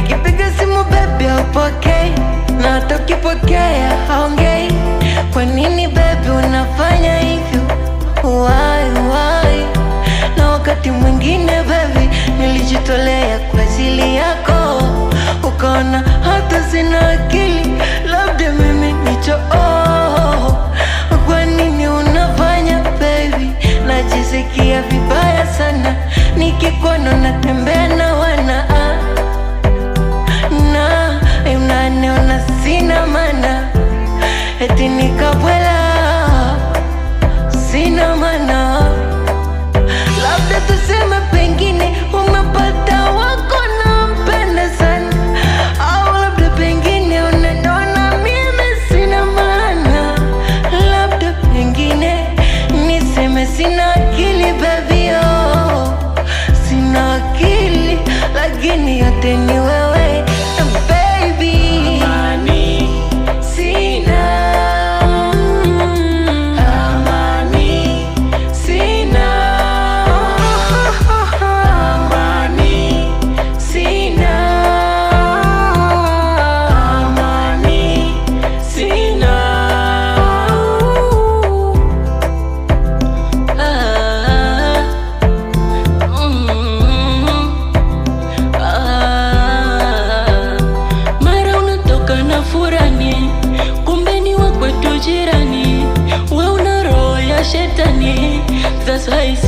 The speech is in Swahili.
nikipiga simu bebi upokee, na hata ukipokea haongei. Kwa nini bebi unafanya hivyo? Why, why? Na wakati mwingine bebi nilijitolea kwa ajili yako, ukaona hata sina akili, labda mimi nicho Kwa nini unafanya baby? Najisikia vibaya sana nikikuona natembea na wana dinig Please.